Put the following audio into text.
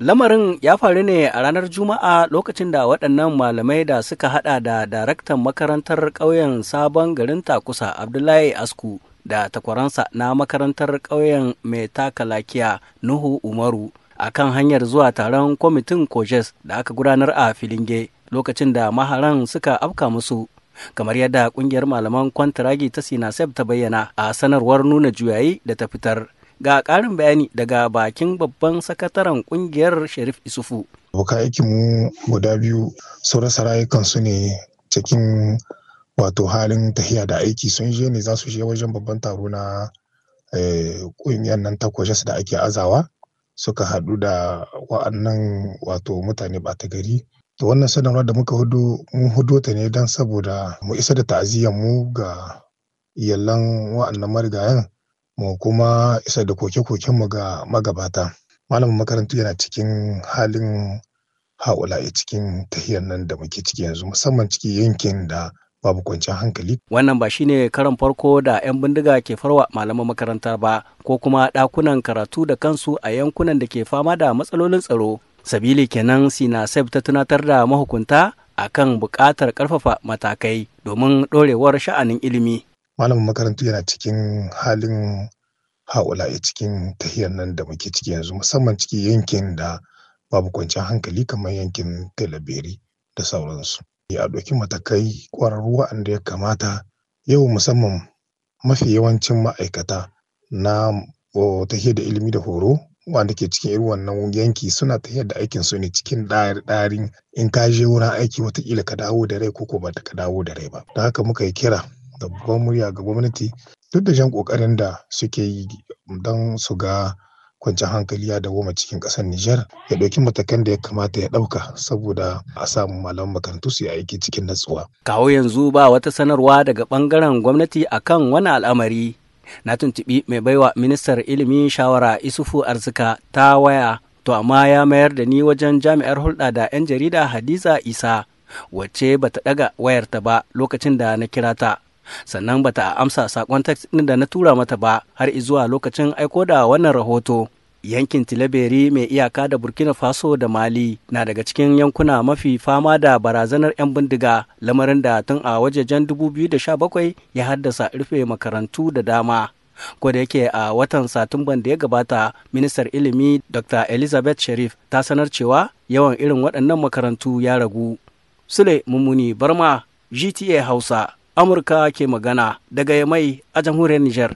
Lamarin ya faru ne a ranar Juma'a lokacin da waɗannan malamai da suka haɗa da daraktan makarantar ƙauyen sabon garin Takusa Abdullahi Asku da takwaransa na makarantar ƙauyen mai takalakiya Nuhu Umaru a kan hanyar zuwa taron kwamitin Kojes da aka gudanar a Filinge lokacin da maharan suka afka musu. kamar yadda ƙungiyar malaman kwantiragi ta sinasef ta bayyana a sanarwar nuna juyayi da ta fitar Ga ƙarin bayani daga bakin babban sakataren ƙungiyar Sharif Isufu. aikin aikinmu guda biyu sun rasa rayukansu ne cikin wato halin tahiya da aiki sun je ne za su je wajen babban taro na eh, ƙungiyar nan ta da ake azawa suka haɗu da wa'annan wato mutane ɓata gari da wannan sanarwa da muka hudu mun hudu ta ne don saboda mu isa da ta'aziyyar mu ga iyalan wa'annan marigayan mu kuma isa da koke-koken mu ga magabata malamin makarantu yana cikin halin a cikin tahiyar nan da muke ciki yanzu musamman ciki yankin da babu kwanciyar hankali. Wannan ba shine karan farko da 'yan bindiga ke farwa malaman makaranta ba ko kuma ɗakunan karatu da kansu a yankunan da ke fama da matsalolin tsaro. Sabili kenan Sinasef ta tunatar da mahukunta a kan buƙatar ƙarfafa matakai domin ɗorewar sha'anin ilimi. Malamin makarantu yana cikin halin haula a cikin tahiyar nan da muke ciki yanzu musamman ciki yankin da babu kwanciyar hankali kamar yankin talabiri da sauransu a ɗauki matakai ƙwararru waɗanda ya kamata yau musamman mafi yawancin ma'aikata na tahiyar da ilimi da horo wanda ke cikin irin wannan yanki suna tahiyar da aikin su ne cikin ɗarin in ka je wurin aiki watakila ka dawo da rai ko ba ta ka dawo da rai ba da haka muka yi kira da babban murya ga gwamnati duk da jan kokarin da suke yi don su ga kwanciyar hankali ya goma cikin ƙasar Nijar ya dauki matakan da ya kamata ya dauka saboda a samu malaman makarantu su yi aiki cikin natsuwa. Kawo yanzu ba wata sanarwa daga bangaren gwamnati akan wani al'amari. Na tuntubi mai baiwa ministar ilimi shawara Isufu Arzika ta waya to amma ya mayar da ni wajen jami'ar hulɗa da 'yan jarida Hadiza Isa wacce bata ɗaga wayarta ba lokacin da na kira ta. sannan bata amsa sakon text ɗin da na tura mata ba har zuwa lokacin aiko da wannan rahoto yankin Tileberi mai iyaka da burkina faso da mali na daga cikin yankuna mafi fama da barazanar 'yan bindiga lamarin da tun a wajejen 2017 ya haddasa rufe makarantu da dama ko da yake a watan satumban da ya gabata ministar ilimi dr elizabeth sharif ta sanar cewa yawan irin waɗannan makarantu ya ragu sule mummuni barma gta hausa amurka ke magana daga yamai a jamhuriyar nijar.